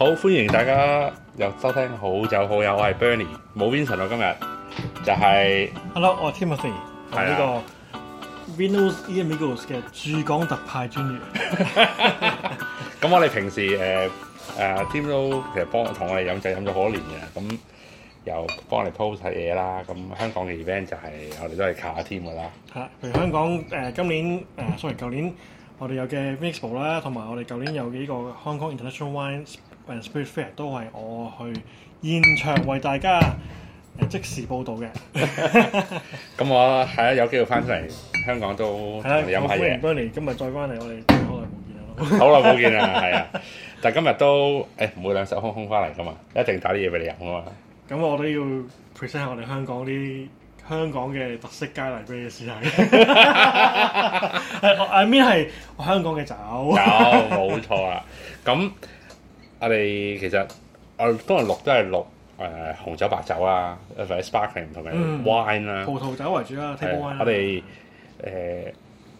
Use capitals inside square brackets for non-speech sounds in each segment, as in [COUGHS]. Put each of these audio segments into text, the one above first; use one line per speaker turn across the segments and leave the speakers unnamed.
好，歡迎大家又收聽好酒好友，我係 Bernie，冇 Vincent 咯，今日就係
，Hello，我係 Timothy，係呢個 Vino e Amigos 嘅駐港特派專員。
咁我哋平時誒誒 Timo 其實幫我同我哋飲酒飲咗好多年嘅，咁又幫我哋 post 係嘢啦，咁香港嘅 event 就係我哋都係卡 Tim 嘅啦。
係，譬如香港誒今年誒 sorry 舊年我哋有嘅 Vinexpo 啦，同埋我哋舊年有嘅呢個 Hong Kong International Wines。w h s p e a fair 都係我去現場為大家誒即時報道嘅 [LAUGHS] 。
咁我係啊有機會翻嚟香港都飲
下今日再翻嚟，我哋 [LAUGHS] 好耐冇
見啦。好耐冇見啊，係啊！但今日都誒唔會兩手空空翻嚟噶嘛，一定打啲嘢俾你飲噶嘛。
咁我都要 present 下我哋香港啲香港嘅特色佳餚俾你試下。 [LAUGHS] [LAUGHS] I mean, 我誒，mean 係香港嘅酒。 [LAUGHS] 有冇錯
啊？咁。我哋其實，我當日錄都係錄誒、呃、紅酒、白酒啊，誒同 sparkling 同埋 wine 啊，葡萄酒為主
啦、啊，我哋
誒、呃、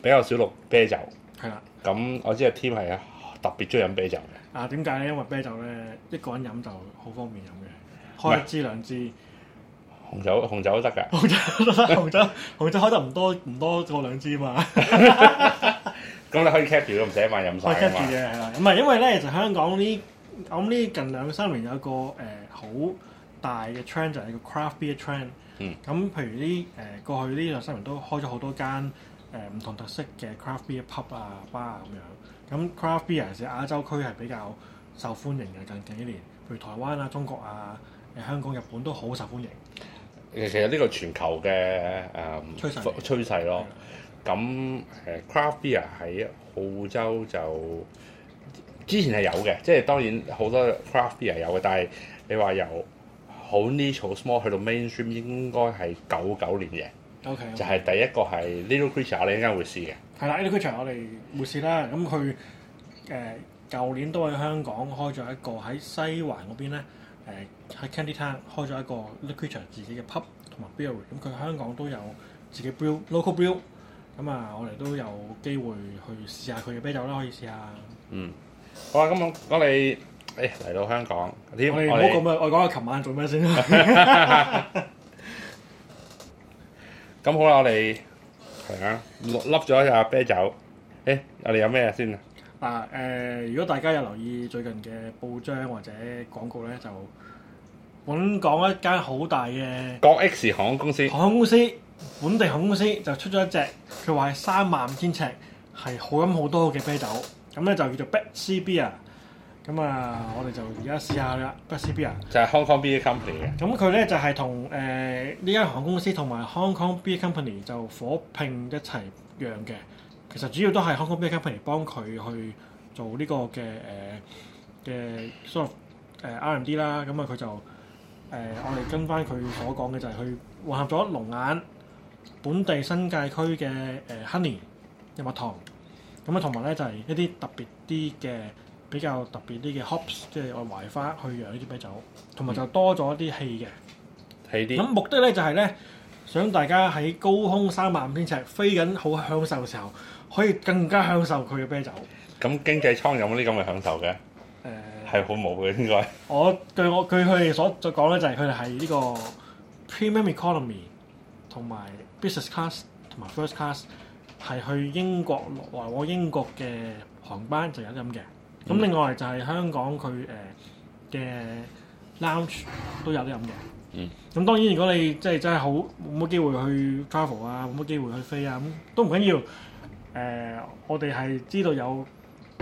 比較少錄啤酒。係啦。咁我知阿 Tim 係啊，特別中意飲啤酒
嘅。啊點解咧？因為啤酒咧，一個人飲就好方便飲嘅，開一支
兩支。紅酒，紅酒都得㗎。 [LAUGHS] 紅酒
得，紅酒，紅酒開得唔多唔多過兩支嘛。
咁 [LAUGHS] [LAUGHS] [LAUGHS] 你可以 keep 住，唔使一晚飲曬㗎
嘛。唔係，因為咧，其實香港啲～我諗呢近兩三年有一個誒好、呃、大嘅 trend 就係個 craft beer trend。嗯。咁譬如呢誒、呃、過去呢兩三年都開咗好多間誒唔同特色嘅 craft beer pub 啊、bar 咁樣。咁 craft beer 喺亞洲區係比較受歡迎嘅近幾年，譬如台灣啊、中國啊、呃、香港、日本都好受歡迎。
其實呢個全球嘅誒趨勢咯。係。咁、uh, craft beer 喺澳洲就～之前係有嘅，即係當然好多 craft beer 有嘅，但係你話由好 niche small 去到 mainstream，應該係九九年嘅。
OK。就
係第一個係 Little Creature，我哋應該會試嘅。
係啦，Little Creature 我哋會試啦。咁佢誒舊年都喺香港開咗一個喺西環嗰邊咧，誒喺 Candy Town 開咗一個 Little Creature 自己嘅 pub 同埋 brewery。咁佢香港都有自己 brew，local brew。咁啊，我哋都有機會去試下佢嘅啤酒啦，可以試下。嗯。
好、哦、啊，咁我哋誒嚟到香港，我哋唔好咁
啊！我講下琴晚做咩先啊？
咁 [LAUGHS] [LAUGHS] 好啦，我哋係啊，落粒咗一下啤酒。誒、哎，我哋有咩先啊？
嗱，誒，如果大家有留意最近嘅報章或者廣告咧，就本港一間好大嘅國 X 航空公司，航空公司本地航空公司就出咗一隻，佢話係三萬五千尺，係好飲好多嘅啤酒。咁咧就叫做 Betsy Beer 啊，咁啊我哋就而家試下啦 Betsy Beer 啊，就係、
是呃、Hong Kong Beer Company 嘅。
咁佢咧就係同呢一間航空公司同埋 Hong Kong Beer Company 就火拼一齊釀嘅。其實主要都係 Hong Kong Beer Company 幫佢去做呢個嘅嘅、呃、sort of、呃、R&D 啦。咁啊佢就、呃、我哋跟翻佢所講嘅就係去混合咗龍眼、本地新界區嘅誒 Honey 日蜜糖。咁啊，同埋咧就係一啲特別啲嘅，比較特別啲嘅 hops，即係我懷花去釀呢啲啤酒，同埋就多咗一啲氣嘅。氣、嗯、啲。咁目的咧就係咧，想大家喺高空三萬五千尺飛緊，好享受嘅時候，可以更加享受佢嘅啤酒。
咁經濟艙有冇啲咁嘅享受嘅？誒、呃，係好冇嘅應該我。
我據我據佢哋所講咧、就係，就係佢哋係呢個 premium economy 同埋 business class 同埋 first class。係去英國來往英國嘅航班就有得飲嘅，
咁、嗯、另外
就係香港佢誒嘅 lounge 都有得飲嘅。嗯，咁當然如果你即係真係好冇乜機會去 travel 啊，冇乜機會去飛啊，咁都唔緊要，要。誒、呃，我哋係知道有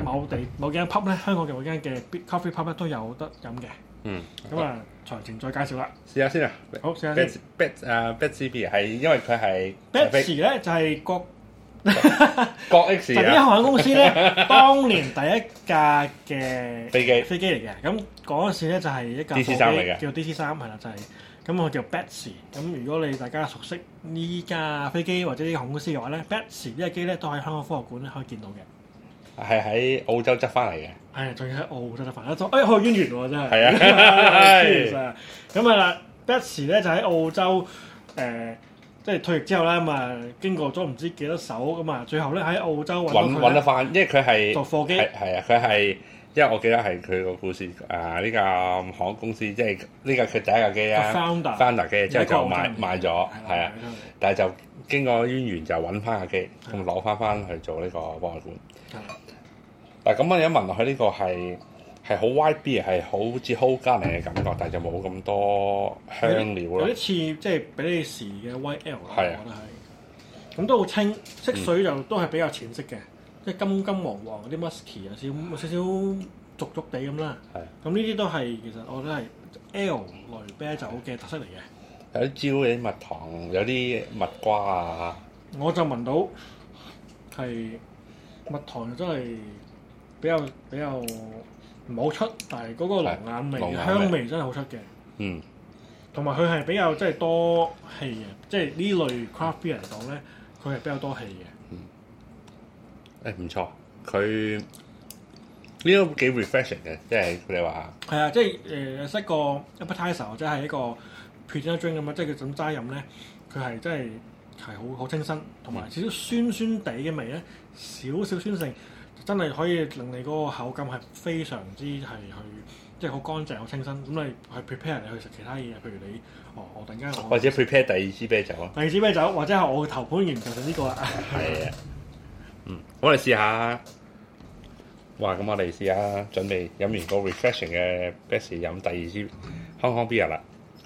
某地某間 pub 咧，香港嘅某間嘅 bit coffee pub 都有得飲嘅。嗯，咁、嗯、啊，詳情再介紹啦。
試下先啊。好，試下 Bet 誒，Betsy 係因為佢係 Betsy 咧，Batsy,
Batsy, Batsy, uh, 就係個。國
X 啊，啲航空公司咧， [LAUGHS] 當
年第一架嘅飛機飛機嚟嘅，咁嗰陣時咧就係一架飛機，叫 DC 三係啦，就係咁佢叫 Betsy。咁如果你大家熟悉呢架飛機或者呢個公司嘅話咧，Betsy 個機，呢架機咧都喺香港科學館咧可以見到嘅，
係喺澳洲執翻嚟
嘅。係，仲要喺澳洲執翻嚟，做哎，好有淵源真係。係、哎、啊，咁啊 [LAUGHS] ，Betsy 咧就喺澳洲誒。呃即係退役之後啦，咁啊經過咗唔知幾多手咁啊，最後咧喺澳洲揾揾得
翻，因為佢係做貨機，係啊，佢係因為我記得係佢個故事啊，呢個航空公司即係呢個佢第一架機啊 founder founder 機之後就賣賣咗，係啊，但係就經過淵源就揾翻架機，咁攞翻翻去做呢個博物館。嗱咁我一問落去呢、這個係。係好 YB 啊，係好似 Hoegaarden 嚟嘅感覺，但係就冇咁多香料咯。有啲
似即係比利時嘅 YL 啦，我覺得係咁都好清色水就都係比較淺色嘅，即、嗯、係金金黃黃嗰啲 musky 有少，少少少濁濁哋咁啦。係咁呢啲都係其實我覺得係 L 類啤酒嘅特色嚟嘅。
有啲焦嘅，蜜糖，有啲蜜瓜
啊。我就聞到係蜜糖，真係比較比較。比較唔好出，但係嗰個龍眼，眼味、香味真係好出嘅。嗯，同埋佢係比較即係多氣嘅，即係呢類 craft beer 嚟講咧，佢係比較多氣嘅。嗯，
誒唔錯，佢呢、這個幾 refreshing 嘅，即係你話
係啊，即係誒、呃、一個 appetizer 或者係一個 pre-dinner drink 咁啊，即係佢咁齋飲咧，佢係真係係好好清新，同埋少少酸酸地嘅味咧、嗯，少少酸性。真係可以令你嗰個口感係非常之係去，即係好乾淨、好清新。咁你係 prepare 你去食其他嘢，譬如你哦，我突然間或者
prepare 第二支啤酒
啊，第二支啤酒或者係我嘅頭盤完就係呢個啦。係
啊，嗯，我哋試下。哇！咁我哋試下，準備飲完個 refreshing 嘅 best 飲第二支康康 beer 啦。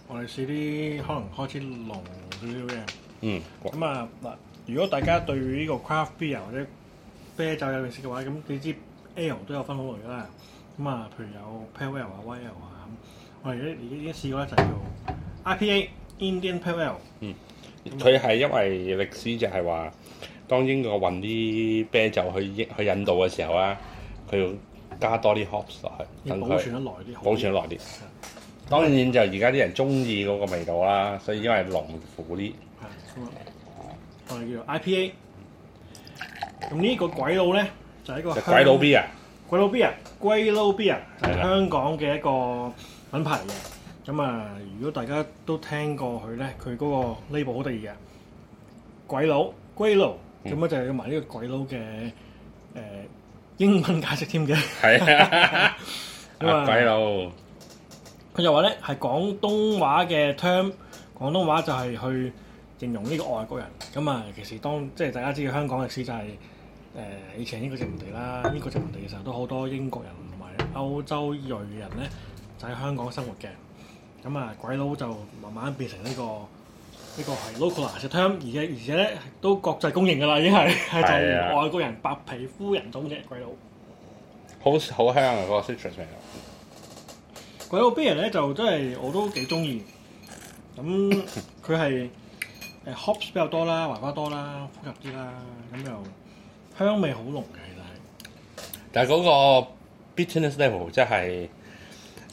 我哋試啲可能開始濃少少嘅。嗯。咁啊嗱，如果大家對呢個 craft beer 或者啤酒有面食嘅話，咁你支 Ale 都有分好類啦。咁啊，譬如有 Pale Ale 啊、Weale 啊，咁我哋而家而家試過咧就叫 IPA Indian Pale Ale 嗯，
佢係因為歷史就係話，當英國運啲啤酒去去印度嘅時候啊，佢、嗯、要加多啲 Hops 落去，等佢保存得耐啲。保存得耐啲。當然就而家啲人中意嗰個味道啦，所以因為濃苦啲。
嗯、我哋叫做 IPA。咁呢個鬼佬咧，就係、是、一個鬼佬 B 啊，鬼佬 B 啊，鬼佬 B 啊，係、就是、香港嘅一個品牌嚟嘅。咁啊，如果大家都聽過佢咧，佢嗰個 label 好得意嘅，鬼佬鬼佬，咁啊就用埋呢個鬼佬嘅誒英文解釋添嘅。係 [LAUGHS] [LAUGHS] [LAUGHS] 啊，啊鬼佬，佢就話咧係廣東話嘅 term，廣東話就係去。形容呢個外國人咁啊，其實當即係大家知道香港歷史就係、是、誒、呃、以前英國殖民地啦，英國殖民地嘅時候都好多英國人同埋歐洲裔、裔人咧，就喺香港生活嘅。咁啊，鬼佬就慢慢變成呢、這個呢、這個係 local t i 啊，即係而且而且咧都國際公認㗎啦，已經係係就外國人白皮膚人種嘅鬼佬。好
好香啊！個 citrus
味鬼佬 beer 咧就真係我都幾中意，咁佢係。誒 hops 比較多啦，花多啦，複雜啲啦，咁就香味好濃嘅其實係，
但係嗰個 bitterness level 即係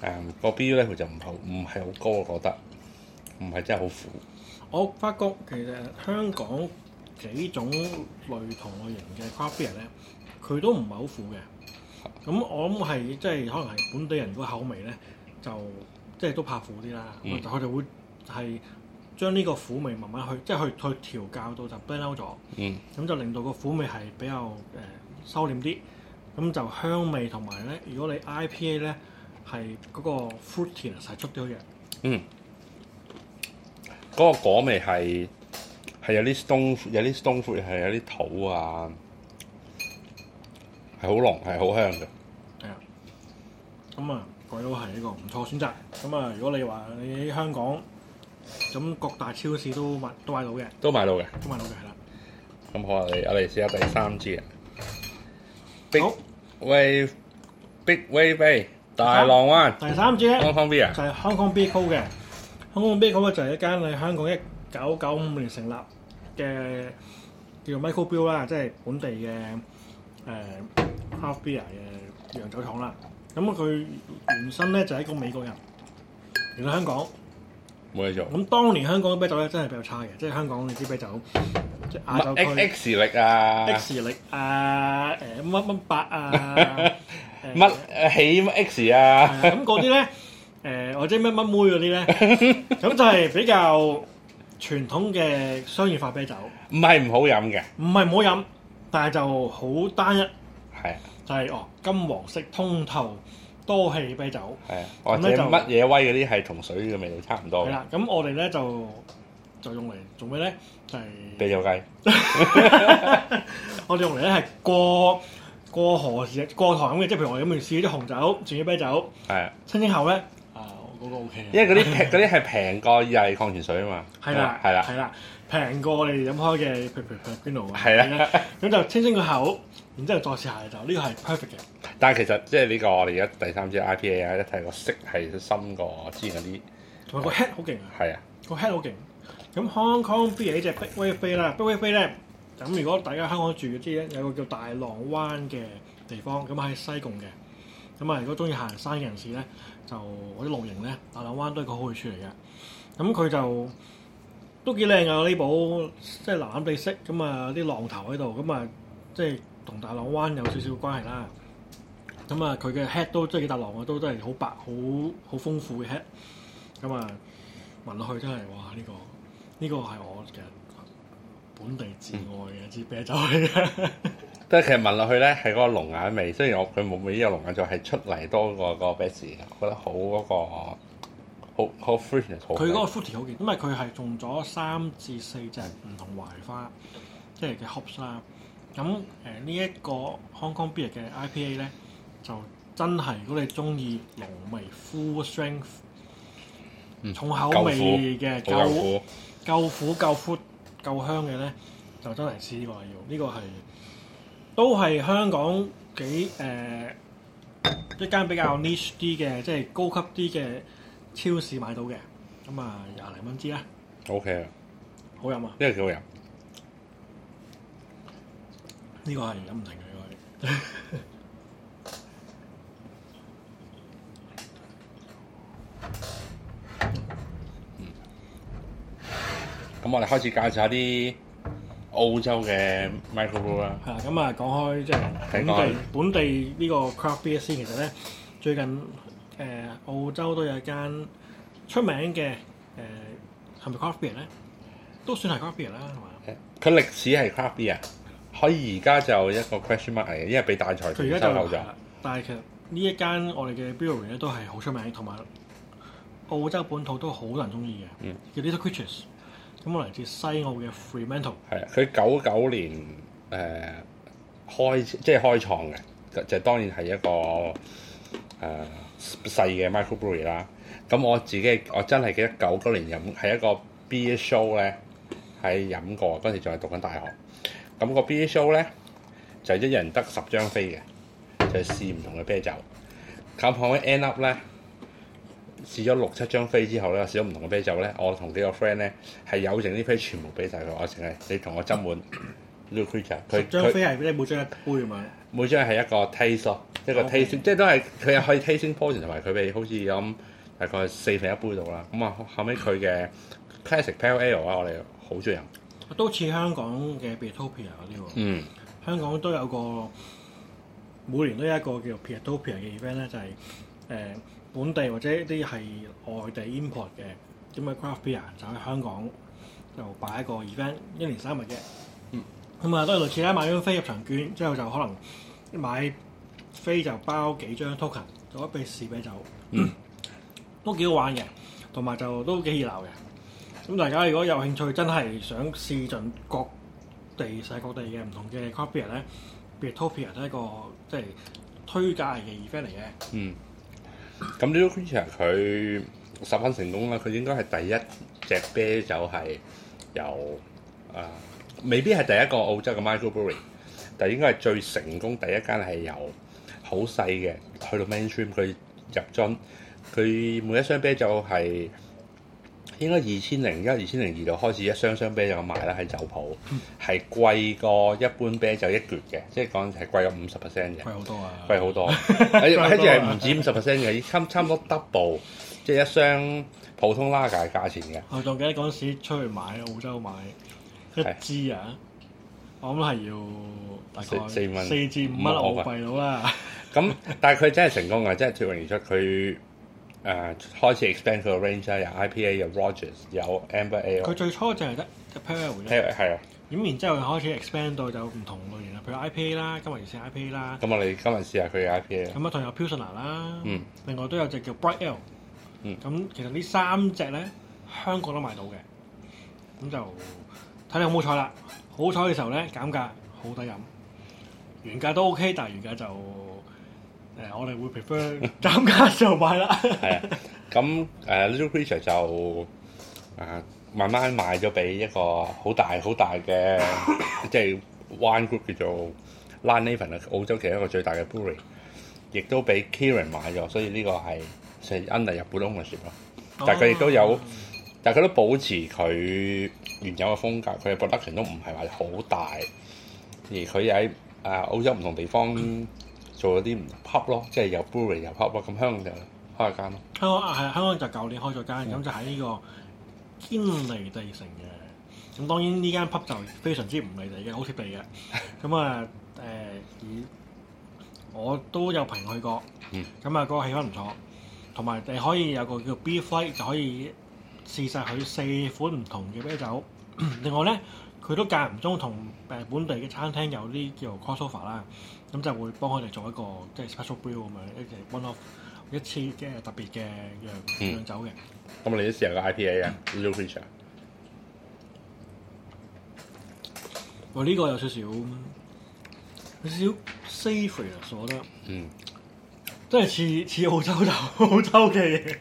誒個 bitter level 就唔好唔係好高，我覺得唔係真係好苦。
我發覺其實香港幾種類同類型嘅 craft beer 咧，佢都唔係好苦嘅。咁我諗係即係可能係本地人嗰個口味咧，就即係都怕苦啲啦。佢、嗯、哋會係。將呢個苦味慢慢去，即係去去調教到就 blend out 咗，咁、嗯、就令到個苦味係比較誒、呃、收斂啲，咁就香味同埋咧，如果你 IPA 咧係嗰個 fruitiness 係足啲嘅，嗯，
嗰、嗰個果味係係有啲 stone 有啲 stone fruit，係有啲桃啊，係好濃係好香嘅，
係、嗯、啊，咁啊，佢都係一個唔錯選擇。咁啊，如果你話你喺香港。咁各大超市都買都買到嘅，
都買到嘅，都買到嘅係啦。咁好啊，嚟我嚟試下第三支啊。
Big Wave Big Wave Bay，大浪灣第三支咧，Hong Kong Beer 啊，就係 Hong Kong Beer Co 嘅。Hong Kong Beer Co 咧就係一間喺香港一九九五年成立嘅叫做 Michael Bill 啦，即係本地嘅誒 Half Beer 嘅洋酒廠啦。咁啊，佢原身咧就係一個美國人嚟到香港。冇嘢做。咁當年香港嘅啤酒咧，真係比較差嘅，即係香港你知啤酒，即係亞洲。乜 X 力啊？X 力啊？誒乜乜白啊？乜、 [LAUGHS] 欸、起 X 啊？咁嗰啲咧，誒、欸、或者乜乜妹嗰啲咧，咁 [LAUGHS] 就係比較傳統嘅商業化啤酒，
唔係唔好飲嘅，
唔係唔好飲，但係就好單一，係就係哦金黃色通透。多氣啤酒，
或者乜嘢威嗰啲係同水嘅味道差唔多嘅。係啦，
咁我哋咧就就用嚟做咩咧？就係啤酒雞。我哋用嚟咧係過過河時過台咁嘅，即係譬如我飲完試咗紅酒，轉咗啤酒，係啊，清清喉咧啊，嗰個 OK。因為嗰啲
嗰啲係平過意大利礦泉水啊嘛。係啦，係啦，係
啦。平過你哋飲開嘅平邊度啊？係
啊，
咁就清清個口，然之後再試下就呢、呢個係 perfect 嘅。
但係其實即係呢個我哋而家第三支 IPA 啊，一睇個色係深過之前嗰啲，
同埋個 head 好勁啊。係啊，個 head 好勁。咁 Hong Kong beer 這這隻 Big Wave Bay,、嗯、呢隻 Big Wave Bay 啦 Big Wave Bay 咧咁如果大家香港住嗰啲咧，有個叫大浪灣嘅地方，咁喺西貢嘅。咁啊，如果中意行山嘅人士咧，就我啲露營咧，大浪灣都係個好去處嚟嘅。咁佢就。都幾靚啊！呢部即係藍藍地色，咁啊啲浪頭喺度，咁、嗯、啊即係同大浪灣有少少關係啦。咁、嗯、啊，佢、嗯、嘅、嗯、head 都即係幾大浪啊，都都係好白、好好豐富嘅 head、嗯。咁啊聞落去真係哇！呢、這個呢、這個係我嘅本地至愛嘅一支啤酒味啊。但係其
實聞落去咧，係嗰個龍眼味。雖然我佢冇冇呢個龍眼就係出嚟多過個 Betsy 嘅，覺得好嗰、那個。好好 full 嘅，佢嗰個
fruity 好勁，因為佢係種咗三至四隻唔同槐花，即係嘅 hops 啦。咁誒呢一個 Hong Kong Beer 嘅 IPA 咧，就真係如果你中意濃味 full strength、嗯、重口味嘅夠苦、夠苦、夠 full、夠香嘅咧，就真係試過要呢個係都係香港幾誒、呃、一間比較 niche 啲嘅，即、就、係、是、高級啲嘅。超市買到嘅，咁、okay。啊，廿零蚊支啦。
OK 啊，好飲啊，呢個幾好飲，
呢個係飲唔停嘅呢個。
咁我哋開始介紹下啲澳洲嘅 microbrew 啦。係、嗯、
啦，咁啊講開即係本地本地呢個 craft beer scene 其實咧最近。澳洲都有一間出名嘅，誒、呃、係咪 craft beer 咧？都算係 craft beer 啦，係嘛？
佢歷史係 craft beer，可以而家就一個 question mark 嚟嘅，因為俾大財團收購咗。
但係其實呢一間我哋嘅 Brewery 咧都係好出名，同埋澳洲本土都好多人中意嘅。叫 Little Creatures，咁我嚟自西澳嘅 Fremantle 係
佢九九年誒、呃、開即係開創嘅，就係、當然係一個誒。呃細嘅 microbrewery 啦，咁我自己我真係記得九九年飲係一個 beer show 咧，係飲過嗰陣時仲係讀緊大學，咁、個 beer show 咧就係、一人得十張飛嘅，就試、係、唔同嘅啤酒。咁後尾 end up 咧試咗六七張飛之後咧，試咗唔同嘅啤酒咧，我同幾個 friend 咧係有剩啲飛全部俾晒佢，我淨係你同我斟滿。 [COUGHS] 十張飛係一
冇張一杯啊嘛。
每張係一個 taste，一個 taste，okay。即係都係佢又可以 tasting portion 同埋佢哋好似咁大概四分一杯度啦。咁啊，後尾佢嘅 classic pale ale 啊，我哋好中意
飲。都似香港嘅 Beertopia 嗰、這、啲、個、喎。嗯。香港都有一個每年都有一個叫做 Beertopia 嘅 event 咧、就是，就、呃、係本地或者一啲係外地 import 嘅點樣 craft beer，就喺香港就擺一個 event，一年三日嘅。嗯。咁啊，都係類似咧，買咗張飛入場券，之後就可能買飛就包幾張 token 做一杯試啤酒、嗯，都幾好玩嘅，同埋就都幾熱鬧嘅。咁大家如果有興趣，真係想試盡各地世界各地嘅唔同嘅 craft beer 咧，Beertopia 都係一個即係推介嘅 event 嚟嘅。嗯，
咁呢個 Creature 佢十分成功啦，佢應該係第一隻啤酒係有。啊、呃。未必係第一個澳洲嘅 Microbrewery，但係應該係最成功第一間係由好細嘅去到 mainstream，佢入樽，佢每一箱啤酒係應該二千零一、二千零二就開始一箱箱啤酒賣啦，喺酒鋪係貴過一般啤酒一橛嘅，即係講係貴咗五十 percent 嘅，貴好多啊，貴好多，係一隻係唔止五十 percent 嘅，差差唔多 double，即 [LAUGHS] 係一箱普通拉格嘅價錢嘅。
我仲記得嗰陣時出去買，澳洲買。一支啊，我諗係要大概四蚊，四至五蚊，我費到啦。
咁但係佢真係成功啊，即 [LAUGHS] 係脫穎而出。佢誒、呃、開始 expand 佢嘅 range，有 IPA，有 Rogers，有 amber ale。佢最
初就係得得 Pale Ale 嚟，係啊。咁然之後開始 expand 到就唔同類型啦，譬如 IPA 啦，今日而試 IPA 啦。
咁我哋今日試下佢嘅 IPA。咁啊
同有 Pilsener 啦，嗯，另外都有隻叫 Bright Ale。嗯，咁其實三隻呢三隻咧，香港都買到嘅，咁就。睇你有冇彩啦，好彩嘅時候咧，減價，好抵飲。原價都 OK，但係原價就誒、呃、我哋會 prefer 減價買、 [LAUGHS] [LAUGHS] uh, 就買啦。
係啊，咁誒 Little Creature 就啊慢慢賣咗俾一個好大好大嘅， [LAUGHS] 即係 One Group 叫做 Lion Nathan 啊，澳洲其中一個最大嘅 brewery，亦都俾 Kirin 買咗，所以呢個係 under 日本 ownership 咯。
但係佢亦都
有。Oh. 嗯佢都保持佢原有嘅風格，佢嘅 production 都唔係話好大。而佢喺誒澳洲唔同地方做咗啲唔 pub 咯，即係又 brew 又 pub 咁，香港就開咗間
咯。香港啊，係香港就舊年開咗間，咁、嗯、就喺呢、這個堅尼地城嘅。咁當然呢間 pub 就非常之唔離地嘅，好貼地嘅。咁啊誒，我都有朋友去過，咁、那、啊個氣氛唔錯，同埋你可以有個叫 B Flight 就可以。試曬佢四款唔同嘅啤酒，另外咧佢都間唔中同本地嘅餐廳有啲叫 crossover 啦，咁就會幫佢哋做一個即係 special brew 咁樣，一隻 one off 一次即嘅特別嘅釀酒
嘅。咁你都試下個 IPA 啊，Little Creature。我呢、這
個有少少，有少 safe 啊，所以我覺得，嗯，真係似似澳洲酒、澳洲嘅。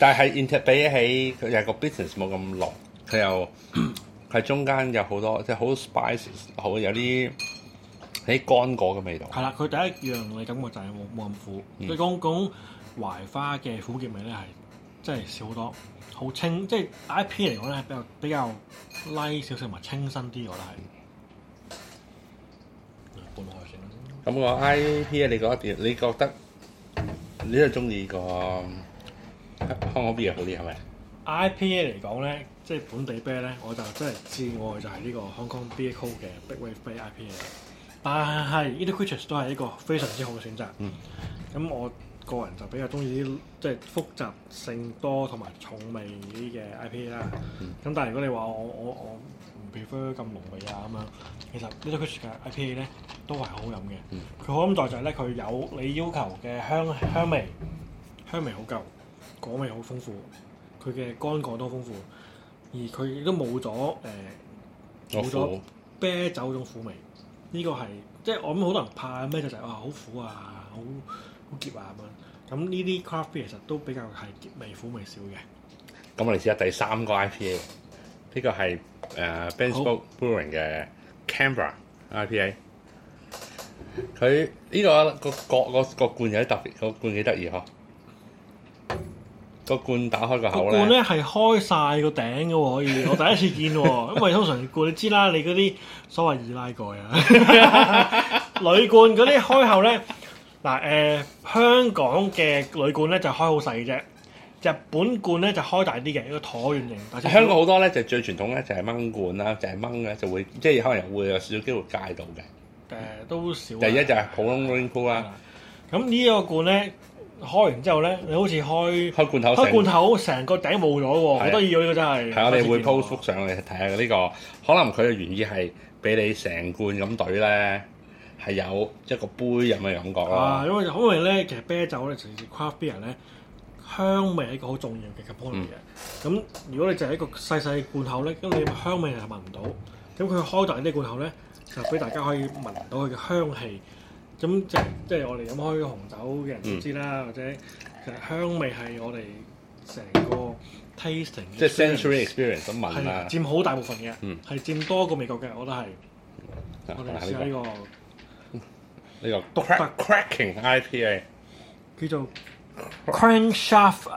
但係 inter，比起佢有個 business 冇咁濃，佢又佢 [COUGHS] 中間有好多即係好 spices，好有啲喺乾果
嘅味道。係啦，佢第一樣你感覺就係冇冇咁苦，佢講講槐花嘅苦澀味咧係即係少好多，好清，即係 IP 嚟講咧係比較比較 light 少少同埋清新啲，我覺得係半
開性。咁我、 [COUGHS] 嗰個、IP 咧，你覺得你覺得你都係中意個？Hong Kong beer 好啲係咪
？IPA 嚟講咧，即係本地啤咧，我就真係至愛就係呢個 Hong Kong Beer Co 嘅 Big Wave Bay IPA 但。但係 Little Creatures 都係一個非常之好嘅選擇。嗯。咁我個人就比較中意啲即係複雜性多同埋重味啲嘅 IPA 啦。咁但係如果你話我我我唔 prefer 咁濃味啊咁樣，其實、mm-hmm. Little Creatures 嘅 IPA 咧都係好飲嘅。佢好飲在就係、是、咧，佢有你要求嘅香香味，香味好夠。果味好豐富，佢嘅乾果都豐富，而佢亦都冇咗誒冇咗啤酒嗰種苦味。呢、這個係即係我諗好多人怕咩就係哇好苦啊，好好澀啊咁樣。咁呢啲 coffee 其實都比較係澀味苦味少嘅。
咁我哋試下第三個 IPA，呢個係誒、uh, Bentspoke Brewing 嘅 Canberra IPA。佢、這、呢個、這個、這個、這個這個罐有啲特別，這個罐幾得意呵。這個個罐打開個口咧，罐咧
係開晒個頂嘅，可以，我第一次見喎，因為通常罐你知啦，你嗰啲所謂易拉蓋啊 [LAUGHS] 女，鋁罐嗰啲開口咧，嗱，誒，香港嘅鋁罐咧就開好細嘅啫，日本罐咧就開大啲嘅，一個橢圓形。但係香港好
多咧就最傳統咧就係掹罐啦，就係掹嘅就會，即係可能又會有少少機會戒到嘅。誒、嗯，
都少啊。第一
就係普通 link 罐啊，咁呢個罐咧。開完之後咧，你好似開開罐頭，開罐頭
成個頂冇咗喎，好得意喎呢個真係。係我哋會 post
上嚟睇下呢個，可能佢嘅原意係俾你成罐咁隊咧，係有一個杯咁嘅感覺咯。
因為因為咧，其實啤酒咧，其實 craft beer 咧，香味係一個好重要嘅 point 嘅。咁如果你就係一個細細罐頭咧，咁你香味係聞唔到。咁佢開大啲罐頭咧，就俾大家可以聞到佢嘅香氣。咁即係即係我哋飲開紅酒嘅人都知啦、嗯，或者其實香味係我哋成個 tasting，即係 sensory experience。咁聞啊，佔好大部分嘢，係、嗯、佔多過味覺嘅，我覺得係。我哋試下呢、這個
呢、這個 dark cracking IPA
叫做 Crankshaft。Cran-Sharf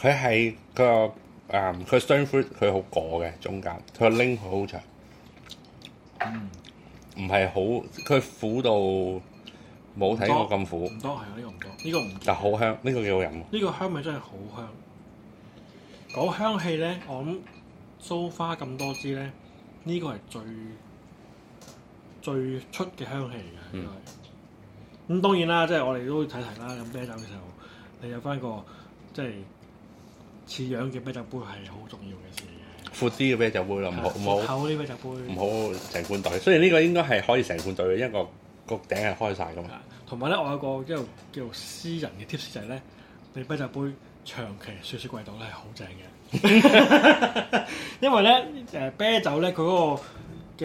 佢係個啊，佢 stone fruit 佢好過嘅，中間佢拎佢好長，唔係好佢苦到冇睇過咁苦，唔
多係啊，呢個唔多，呢、這個唔、這
個，但好香，呢、這個幾好飲，
呢、這個香味真係好香，嗰香氣咧，我諗 so far 咁多支咧，呢、這個係最最出嘅香氣嚟嘅，
咁、
就是嗯嗯、當然啦，即係我哋都要睇睇啦，飲啤酒嘅時候，你有翻個即係。似樣嘅啤酒杯係好重要嘅事
嘅，闊啲嘅啤酒杯咯，唔好唔好，厚啲啤酒杯，唔好成罐袋。雖然呢個應該係可以成罐袋嘅，因為個個頂係開晒噶嘛。
同埋咧，我有個叫，叫做私人嘅 tips 就係咧，你嘅啤酒杯長期雪雪櫃度咧係好正嘅， [LAUGHS] [LAUGHS] 因為咧誒啤酒咧佢嗰個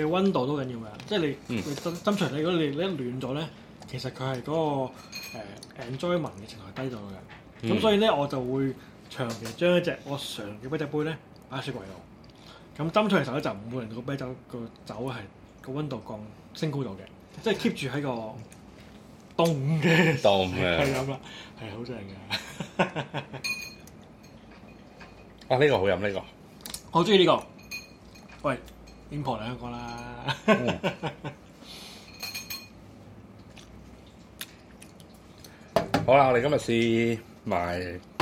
嘅温度都緊要嘅，即、就、係、是、你、嗯、你斟斟除你嗰啲咧暖咗咧，其實佢係嗰個、呃、enjoyment 嘅程度低咗嘅，咁、嗯、所以咧我就會。長期將一隻我常嘅啤酒杯咧擺喺雪櫃度，咁斟出嚟時候咧就唔會令到啤酒、個酒係、個温度降升高到嘅，即係 keep 住喺個凍嘅。凍嘅，係咁啦，係好正㗎。啊！呢
[LAUGHS] 啊呢個好飲，呢、呢個
好中意呢個。喂，Import 兩個啦。 [LAUGHS] 嗯、
[LAUGHS] 好啦，我哋今日試埋。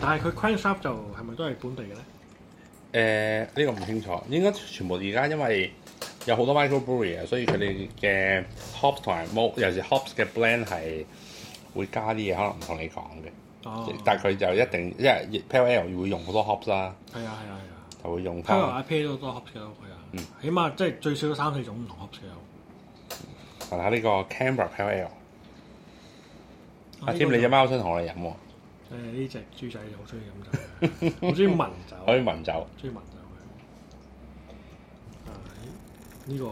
但係佢 Craft 就係咪都係本地嘅咧？
誒、呃、呢、這個唔清楚，應該全部而家因為有好多 microbrewery 啊，所以佢哋嘅 hops 同埋 mo 尤其是 hops 嘅 blend 係會加啲嘢，可能唔同你講嘅。哦，但係佢就一定因為 Pale Ale 會用好多 hops 啦，係啊，係啊，係啊，就會用。Pale Ale 都好多
hops 嘅咯，佢、嗯、啊，起碼即係最少三四種唔同 hops 有。
嚟睇呢個 Canberra Pale Ale。阿、啊、添、
這個啊這個，你隻
貓想同我哋飲喎。
誒呢隻豬仔好中意飲酒，好中意聞酒，我可以聞酒，中意聞酒嘅。呢、這個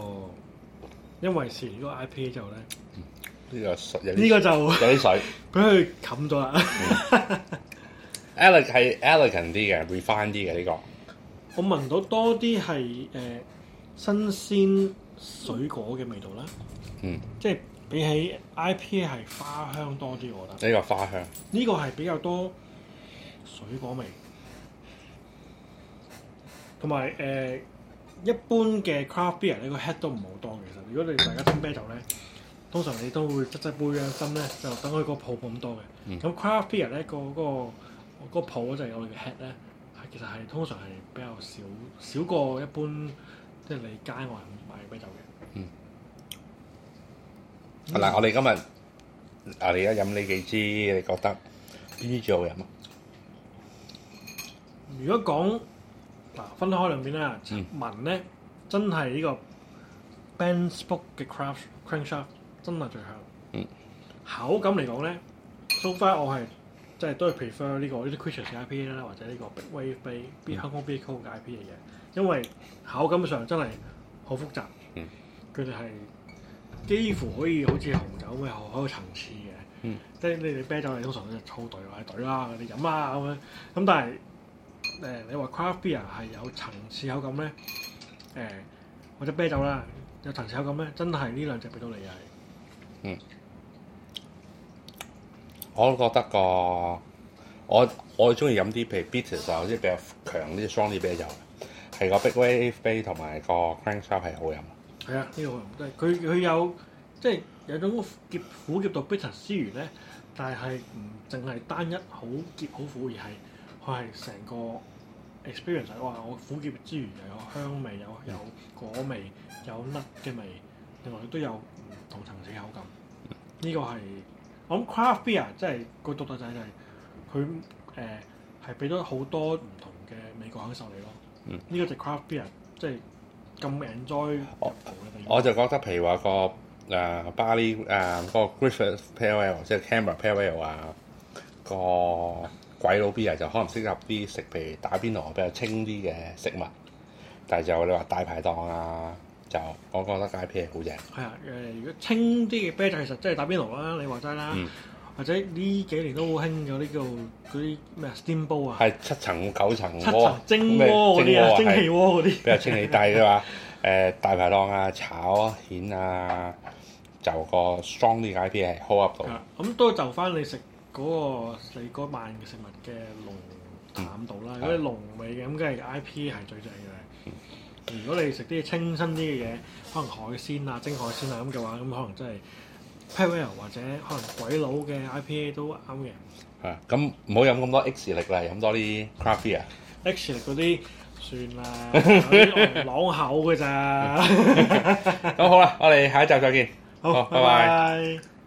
因為是如果 IPA 就咧，
呢、嗯這個呢、這個就有啲水，佢去冚咗啦。嗯、
[LAUGHS] elegant 係
elegant 啲嘅，refine 啲嘅呢個。
我聞到多啲係誒新鮮水果嘅味道啦。嗯，即係。比起 IPA 係花香多啲，我覺得呢、這個花香，呢、這個係比較多水果味，同埋誒一般嘅 Craft Beer 咧，個 head 都唔好多。其實如果你大家飲啤酒咧，通常你都會執執杯樣心咧，就等佢個泡咁多嘅。咁、嗯、Craft Beer 咧個個個泡就係我哋嘅 head 咧，其實係通常係比較少少過一般即係、就是、你街外買啤酒。
嗱、嗯，我哋今日啊，你而家飲呢幾支，你覺得邊支最好飲啊？
如果講嗱，分開兩邊啦，聞、嗯、咧真係呢個 Bentspoke 嘅 Crankshaft 真係最香。嗯、口感嚟講咧，so far 我係即係都係 prefer 呢個呢啲 Creature ip 啦，或者呢個 big wave bay，big、嗯、香港 big c o l e 嘅 ip 嚟、嗯、嘅，因為口感上真係好複雜。佢哋係。幾乎可以好似紅酒咁有好多層次嘅、嗯，即係你哋啤酒你通常就湊隊或者隊啦，你啲飲啊咁樣。咁但係誒、呃，你話 Craft Beer 係有層次口感咧？誒、呃，或者啤酒啦有層次口感咧？真係呢兩隻俾到你係。
嗯，我都覺得個我我中意飲啲譬如 bitter 就啲比較強啲、strong 啲啤酒，係個 Big Wave Bay 同埋個 Crankshaft 係好飲。
係啊，呢、這個我都佢佢有即係有種苦苦澀到 bitter 之餘咧，但係唔淨係單一好澀好苦，而係佢係成個 experience 曬。哇！我苦澀之餘又有香味，有有果味，有 nut 嘅味，另外亦都有唔同層次嘅口感。呢、嗯這個係我諗 craft beer 即係、嗰個獨特仔就係佢誒係俾咗好多唔同嘅味覺享受你咯。呢、嗯這個就 craft beer 即係。咁命災，
我就覺得譬如話個誒巴黎，誒個 Griffith pair 即係 camera pair 啊，個啊個鬼佬 B 啊、個、佬 B，就可能適合啲食，譬如打邊爐比較清啲嘅食物，但係就是你話大排檔啊，就我覺得街 pair 好正。係啊，誒如
果清啲嘅啤酒，其實即係打邊爐啦，你話齋啦。嗯或者呢幾年都好興嗰啲叫嗰啲咩啊，Steamboat 啊，係
七層、九層，七層蒸鍋啊，蒸汽鍋嗰啲比較清氣大嘅嘛。誒、 [LAUGHS] 啊、大排檔啊，炒、蜆啊，就個 strong 啲嘅 IP 係
好。Up d 到。咁都就翻你食嗰、嗰個你個慢嘅食物嘅濃淡度啦。嗰啲濃味嘅咁梗係 IP 係最正嘅、嗯。如果你食啲清新啲嘅嘢，可能海鮮啊、蒸海鮮啊咁嘅話，咁可能真、就、係、係。Pale Ale 或者可能鬼佬嘅 IPA 都啱嘅。嚇、啊，
咁唔好飲咁多 X 力啦，飲多啲 Craft beer
啊。X 力嗰啲算啦， [LAUGHS] 有啲朗口嘅咋。咁 [LAUGHS] [LAUGHS] [LAUGHS] [LAUGHS] 好啦，我哋下一集再見。好，好拜拜。拜
拜。